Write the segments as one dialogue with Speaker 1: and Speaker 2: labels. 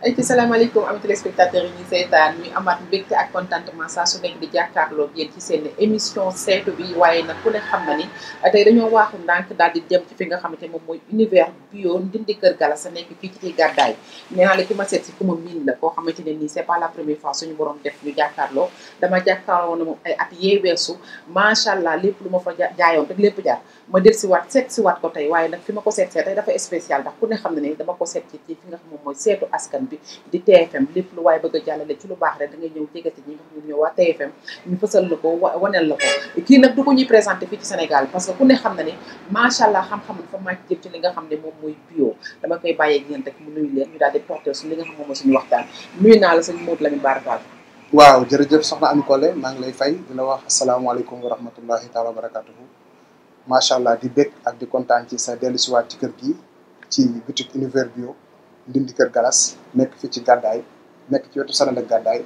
Speaker 1: ay ci salaamaaleykum am téléspectateurs yi ñu seetaan ñuy amaat mbégte ak contentement saa su nekk di jàkkaarloog yéen ci seen émission seetu bi waaye nag ku ne xam na ni tey dañoo waaxu ndànk daal di jëm fi nga xamante moom mooy univers bio ndindi kër gala sa nekk ci gàddaay naa la ki ma ku ma koo xamante ne nii c'est pas la première fois suñu borom def ñu jàkkaarloo dama jàkkaarloo moom ay at yee weesu macha allah lépp lu ma fa jaayoon rek lépp jaar ma del si waat seet si waat ko tey waaye nag fi ma ko seet see tey dafa spécial ndax ku ne xam na ni dama ko seet ci fi nga xam moom mooy seetu askan bi di TFM lepp lu way bëgg jallale ci lu baax rek da ngay ñëw jege ñi nga xam ñoo TFM ñu fessel lako wonel lako ki nak kii du ko ñuy présenter fi ci Sénégal parce que ku ne xam na ma sha allah xam-xam ma ci jëf ci li nga xam ne moom mooy bio dama koy ak ñent ak mu nuyu leen ñu dal di porter su li nga xam mo suñu waxtaan nuyu na la suñu Modou lañu Bara Fall
Speaker 2: waaw jërëjëf soxna ko Collé ma ngi lay fay dina wax assalamu alaykum wa rahmatullahi taala wa ma sha allah di bëgg ak di kontaan ci sa dellusiwaat ci kër gi ci boutique univers bio ndindi kër galas nekk fi ci gàddaay nekk ci wetu Sandaga gàddaay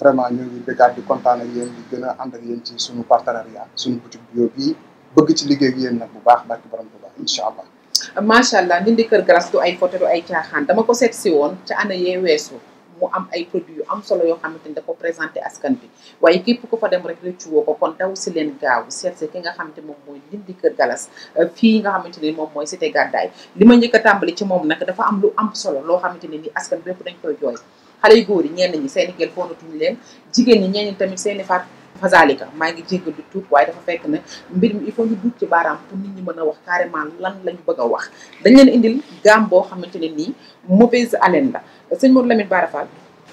Speaker 2: vraiment ñu ngi bégaat di kontaan ak yéen di gën a ànd ak yéen ci suñu partenariat suñu boutique bio bi bëgg ci liggéey ak yéen nag bu baax barki borom bu
Speaker 1: baax incha allah macha allah ndindi kër galas du ay photo du ay caaxaan dama ko seet si woon ca ana yee weesu mu am ay produits yu am solo yoo xamante ni da ko présenté askan bi waaye képp ku fa dem rek rëccu woo ko kon daw si leen gaaw seetse ki nga xamante moom mooy Ndindy Kër Galas euh, fii nga xamante ni moom mooy cité gàddaay li ma njëkk a tàmbali ci moom nag dafa am lu am solo loo xamante ne ni askan bépp dañ koy jooy xale yu góor yi ñi seen i gel foonatuñu leen jigéen ñi ñenn ñi tamit seen faat fasalika maa ngi jéggalu tuub waaye dafa fekk ne mbir mi il faut ñu dugg ci baaraam pour nit ñi mën a wax carrément lan la ñu bëgg a wax dañ leen indil gaam boo xamante ne nii mauvaise haleine la sëñ Modou Lamine Bara Fall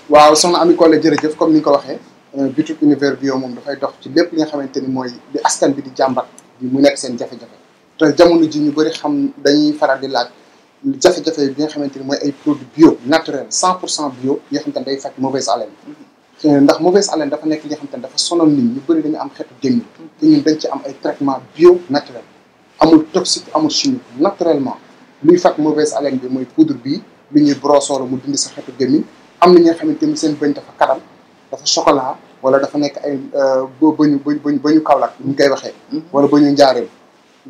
Speaker 2: waaw soxna Ami Collé jërëjëf comme ni nga ko waxee Bitu Univers Bio moom dafay dox ci lépp li nga xamante ni mooy li askan bi di jàmbat bi mu nekk seen jafe-jafe te jamono ji ñu bëri xam dañuy faral di laaj jafe-jafe bi nga xamante ni mooy ay produits bio naturel cent pour cent bio yi nga xamante ne day faj mauvaise haleine ndax mauvaise haleine dafa nekk li nga xamante ne dafa sonal nit ñu bëri dañu am xeetu démb te ñun dañ ci am ay traitement bio naturel amul toxique amul chimique naturellement luy fat mauvaise haleine bi mooy poudre bi lu ñuy brosooro mu dindi sa xeetu gémmiñ am na ñi nga xamante ni seen bëñ dafa kadam dafa chocolat wala dafa nekk ay bañu bañu bañu kawlak ñu koy waxee wala bañu njaareem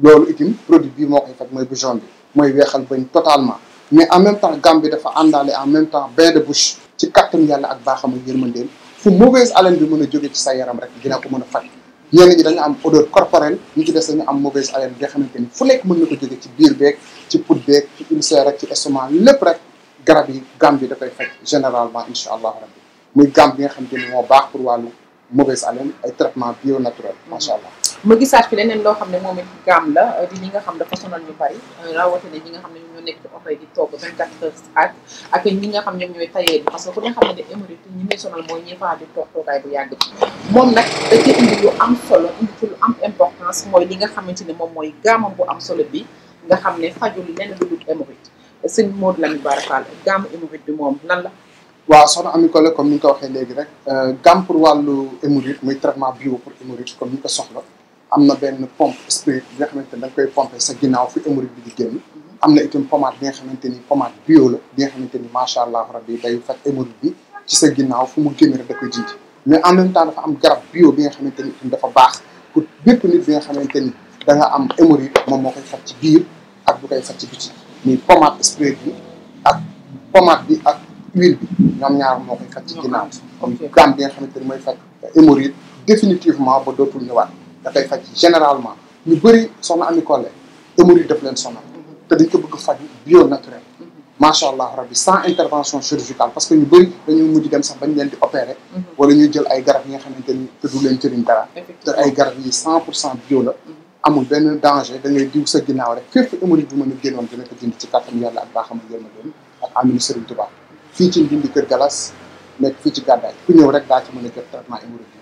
Speaker 2: loolu itam produit bi moo koy faj mooy bu jaune bi mooy weexal bañ totalement mais en même temps gamme bi dafa àndaale en même temps bain de bouche ci kàttan yàlla ak baaxam ak yërmandeel fu mauvaise haleine bi mën a jóge ci sa yaram rek dina ko mën a faj ñenn ñi dañu am odeur corporelle ñi ci des dañu am mauvaise haleine bi nga xamante fu nekk mën ko jóge ci biir beeg ci put beeg ci ulcère rek ci estomac lépp rek garab yi gam bi da koy faj généralement incha allah rabbi muy gam bi nga xamante ni moo baax pour wàllu mauvaise haleine ay traitement bio naturel macha allah
Speaker 1: ma gisaat fi leneen loo xam ne moom it gaam la euh, di li nga xam dafa sonal ñu bari euh, rawatina ne ñoo nekk ci oto yi di togg 24 ñi nga xam ñoom ñooy tayee bi parce que ku ne xam ne émérite ñi muy sonal mooy di moom nag da ci am solo am importance mooy li nga xamante ne moom mooy gaamam bu am solo bi nga xam ne fajul lenn lu dul émérite sëñ Modou Lamine Bara Fall gaamu émérite bi moom lan la
Speaker 2: waaw soxna Ami Collé comme ni ñu ko waxee léegi rek euh, gaam pour wàllu émérite muy traitement bio pour émérite comme ni ko soxla am na benn pompe spray bi ne da koy pompe sa ginnaaw fi hémorroïde bi di génn. am na itam pommade bi nga xamante ni pommade bio la bi nga xamante ni macha allah rabbi day fu mu génn mais en am garab bio bi nga xamante ni itam dafa baax pour bépp nit bi nga xamante ni da am hémorroïde moom moo koy faj ci biir ak bu koy faj ci biti muy bi ak pommade bi ak huile ñaar moo koy faj ci ginnaaw comme gamme bi nga xamante ni mooy faj hémorroïde définitivement ba dootul waat dafay faj généralement ñu bëri soxna Ami Collé hémorroïde daf leen sonal te dañ ko bëgg faj bio naturel macha allah rabbi sans intervention chirurgicale parce que ñu bëri dañuy mujj dem sax bañ leen di opérer wala ñuy jël ay garab yi nga xamante ni te du leen jëriñ dara te ay garab yi cent pour cent bio la amul benn danger da ngay diw sa ginnaaw rek fépp hémorroïde bu mën a génnoon dina ko dindi ci kàttan yàlla ak baaxam ak yërma doon ak aminu Serigne Touba fii ci Ndindi Kër Galas nekk fii ci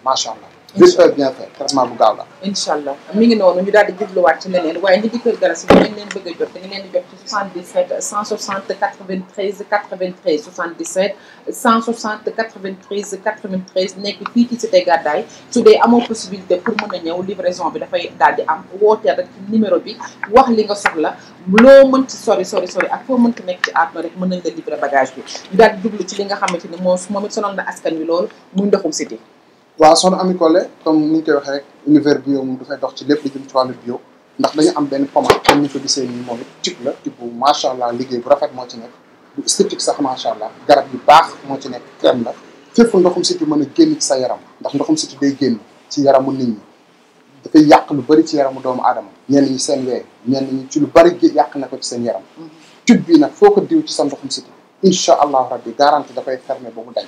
Speaker 2: macha allah j'espère bien faire traitement bu gaaw la
Speaker 1: incha mi ngi noonu ñu daal di jubluwaat ci leneen waaye ñi di Kër Gallas bi dañ leen bëgg a jot dañu leen di jot ci 77 160 93 93 77 160 93 93 nekk fii ci Cité Gàddaay su dee amoo possibilité pour mën a ñëw livraison bi dafay daal di am wootee rek ci numéro bi wax li nga soxla loo mën ci sori sori sori ak foo mënti nekk ci àdduna rek mën nañ la livrer bagage bi ñu daal di jublu ci li nga xamante ni moom moom it sonal na askan waaw soxna Ami Collé comme
Speaker 2: ni ñu koy waxee univers bio moom dafay dox ci lépp li jëm ci wàllu bio ndax dañu am benn pommade comme ni ko gisee nii moom it tube la tube bu macha allah liggéey bu rafet moo ci nekk bu esthétique sax macha allah garab yu baax moo ci nekk crème la fépp ndoxum siti mën a génn ci sa yaram ndax ndoxum siti day génn ci yaramu nit ñi dafay yàq lu bari ci yaramu doomu aadama ñenn ñi seen weer ñenn ñi ci lu bëri yàq na ko ci seen yaram tube bi nag foo ko diw ci sa ndoxum siti incha allah rabbi garanti dafay fermer ba mu dañ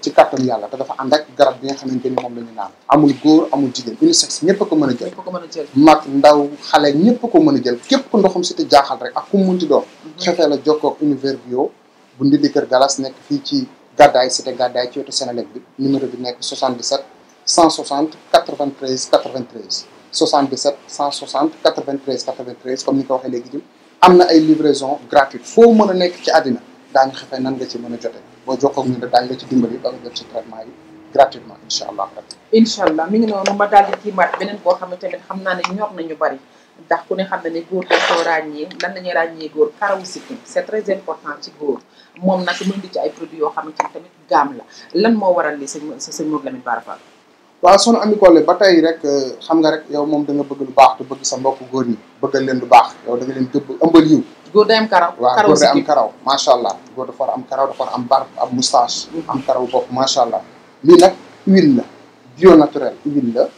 Speaker 2: ci kattan yàlla te dafa ànd ak garab bi nga xamante ni moom la ñu naan amul góor amul jigéen unisexe ñëpp ko mën a jël mag ndaw xale ñëpp a ko mën jël képp ku ndoxum si te jaaxal rek ak ku munti doon mhm. xefee la jokkoo ak univers bio bu ndindi kër galas nekk fii ci gàddaay cité gàddaay ci wetu Sénélec bi numéro bi nekk 77 160 93 93 77 160 93 93 comme ni ko waxee léegi jëm am na ay livraison gratuite foo mën a ci àddina daañu xefee nan nga ci mën a jotee boo jokkoo ak ñun daañu la ci dimbali ba nga jot ci traitement yi gratuitement incha allah.
Speaker 1: incha allah mi ngi noonu ma daal di tiimaat beneen boo xam ne tamit xam naa ne ñor nañu bari ndax ku ne xam na ne góor dañ koo ràññee lan lañuy ràññee góor karawu sikkim c'est très important ci góor moom na mën di ci ay produits yoo xam ni tamit gaam la lan moo waral li sëñ moor Modou Lamine Bara Fall waaw sunu
Speaker 2: Ami Collé ba tey rek euh, xam nga rek yow moom da nga bëgg lu baax te bëgg sa mbokk góor ñi bëggal leen lu baax yow da nga leen gëbb
Speaker 1: góor day mhm. am karaw waaw góor day am
Speaker 2: karaw macha allah góor dafa am karaw dafa am bar am moustache am karaw bopp macha allah lii nag huile la bio naturel huile la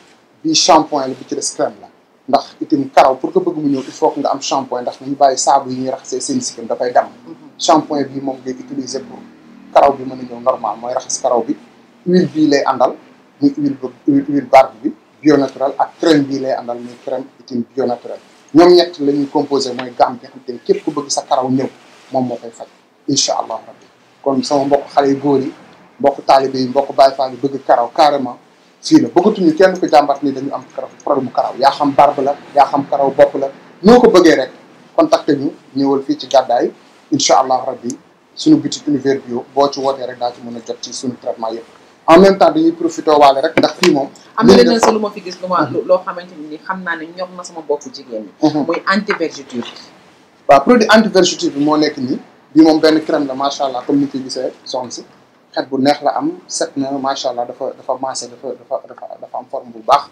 Speaker 2: bi shampoing la bi ci des crème la ndax itam karaw pour que bëgg mu ñëw il faut que nga am shampoing ndax nañu bàyyi saabu yi ñuy raxasee seen sikkim dafay dam mhm. shampoing bi moom ngay utiliser pour karaw bi mën a ñëw normal mooy raxas karaw bi huile bii lay àndal muy huile huile barbe bi bio naturel ak crème bii lay àndal muy crème itam bio naturel ñoom ñett la ñuy composé mooy gamme bi xam te képp ku bëgg sa karaw ñëw moom moo koy faj incha allah rabbi kon sama mbokk xale yu góor yi mbokk taalibe yi mbokk baay faal yi bëgg karaw carrément fii la bëggatuñu kenn ku jàmbat ni dañu am karaw problème karaw yaa xam barbe la yaa xam karaw bopp la noo ko bëggee rek contacté ñu ñëwal fii ci gàddaay incha allah rabbi suñu boutique univers bio boo ci wootee rek daa ci mën a jot ci suñu traitement yëpp en même temps dañuy profité waale rek ndax fii moom.
Speaker 1: am na leneen sa lu ma fi gis ma mhm. loo xamante ni xam naa ne ñor na mhm. bi moo nekk nii bi moom benn crème la macha allah
Speaker 2: neex la am set na macha allah dafa dafa maase dafa dafa dafa dafa am mhm.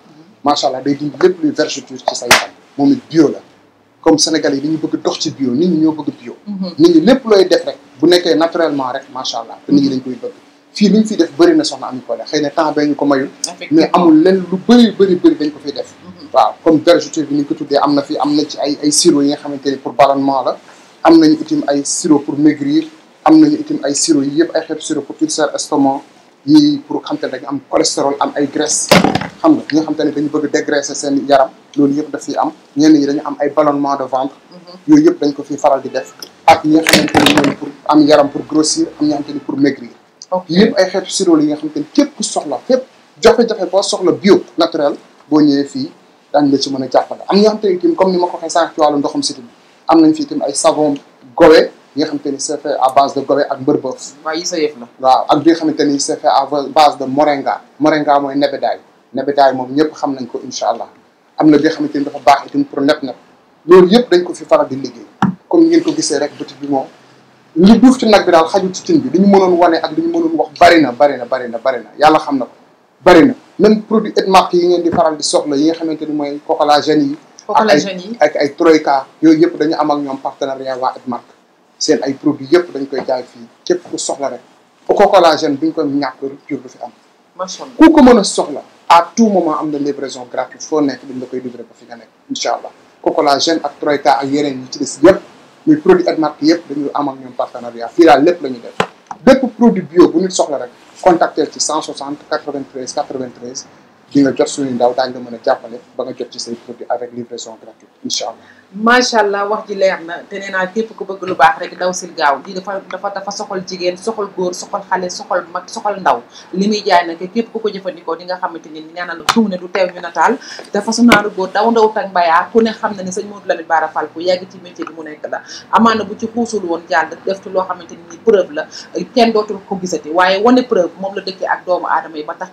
Speaker 2: macha allah day dindi lépp luy vergeture ci sa moom it la comme Sénégal yi dañuy bëgg dox ci bio nit ñoo bëgg bio. nit lépp looy def rek bu nekkee naturellement rek macha allah te nit ñi dañ koy bëgg. fii lu ñu fi def bëri na soxna Amy Collé xëy na temps bee ñu ko mayul mais amul lenn lu bëri bëri bëri dañ ko fiy def waaw comme vergeture bi ni ñu ko tuddee am na fi am na ci ay ay sirop yi nga xamante ni pour ballonnement la am nañu itam ay sirop pour maigrir am nañu itam ay sirop yi yëpp ay xeetu sirop pour ulcère estomac yi pour xam te ne dañu am cholestérol am ay graisse xam nga ñi nga xam te ne dañu bëgg dégraisser seen yaram loolu yëpp daf fiy am ñenn ñi dañu am ay ballonnement de ventre yooyu yëpp dañ ko fiy faral di def ak ñi nga xamante ni pour am yaram pour grossir am ñi nga xamante ni pour maigrir donc yëpp ay xeetu sirop yi nga xamante ni képp ku soxla fépp jafe-jafe boo soxla bio naturel boo ñëwee fii daañu la ci mën a jàppale am na ñoo xamante ni tamit comme ni ma ko waxee sànq ci wàllu ndoxam siti bi am nañ fii tamit ay savon gowe yi nga xamante ni c'est fait à base de gowe ak mbër bëf waaw yi sa yëf la waaw ak bi nga xamante ni c'est fait à base de moringa moringa mooy nebedaay nebedaay moom ñëpp xam nañ ko incha allah am na bi nga xamante ni dafa baax itam pour nepp nepp loolu yëpp dañ ko fi faral di liggéey comme ngeen ko gisee rek boutique bi moom li duuf ci nag bi daal xaju ci tin bi li ñu mënoon wane ak li ñu wax bari na bari na bari na bari yàlla xam na ko bari na même produit Edmark yi ngeen di faral di soxla yi nga xamante ni mooy collagen yi ak ay troika yooyu yëpp dañu am ak ñoom partenariat waa Edmark seen ay produits yëpp dañ koy jaay fii képp ku soxla rek collagen bi ñu ko ñàkk rupture du fi am
Speaker 1: macha allah ku ko mën
Speaker 2: a soxla à tout moment am na livraison gratuite foo nekk dañ la koy livré ba fi nga nekk incha allah collagen ak troika ak yeneen yi ci des muy produit ak marque yëpp dañu am ak ñoom fii daal lépp la ñu def bépp produit bio bu nit soxla rek contacter ci 160 93 93 di nga jot
Speaker 1: suñu ndaw daañu a jàppale ba nga jot ci say produit avec livraison gratuite incha allah. macha allah wax ji leer na te nee képp ku bëgg lu baax rek daw gaaw dafa dafa jigéen soxal góor soxal xale soxal mag soxal ndaw li muy jaay nag képp ku ko jëfandikoo di nga xamante ni nee na ne du teew ñu nataal dafa sonaalu góor daw ndaw tag mbayaa ku ne xam na ne sëñ Modou Lamine Bara Fall ku yàgg ci métier bi mu nekk la amaana bu ci xuusul woon jàll def ni preuve la kenn dootul ko gisati ba tax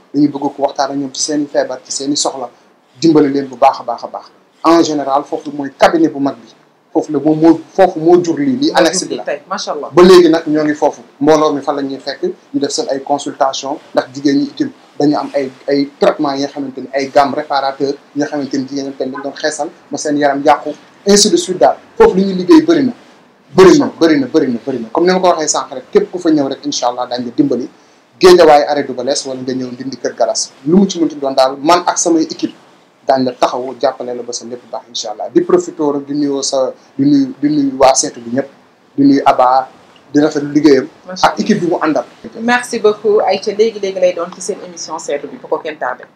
Speaker 2: dañuy bëgg ko waxtaan a ñoom ci seeni feebar ci seen soxla dimbali leen bu baax a baax a baax en général foofu mooy cabinet bu mag bi foofu la moom moo foofu moo jur lii lii annexe bi macha allah ba léegi nag ñoo ngi foofu mbooloo mi fan la ñuy fekk ñu def seen ay consultation ndax jigéen ñi itam dañu am ay ay traitement yi nga xamante ni ay gamme réparateur yi nga xamante ni jigéen ñi dañ doon xeesal ma seen yaram yàqu ainsi de suite daal foofu li ñuy liggéey bëri na bëri na bëri na bëri sànq rek képp ku rek incha allah daañu dimbali géejawaay arrêt du balees wala nga ñëw ndindi kër galas lu mu ci mënti doon daal man ak samay équipe daañ la taxawu jàppale la ba sa lépp baax incha allah di profité rek di nuyoo sa di nuyu di nuyu waa seetu bi ñëpp di nuyu Aba di rafetlu liggéeyam. ak équipe bi mu
Speaker 1: àndal.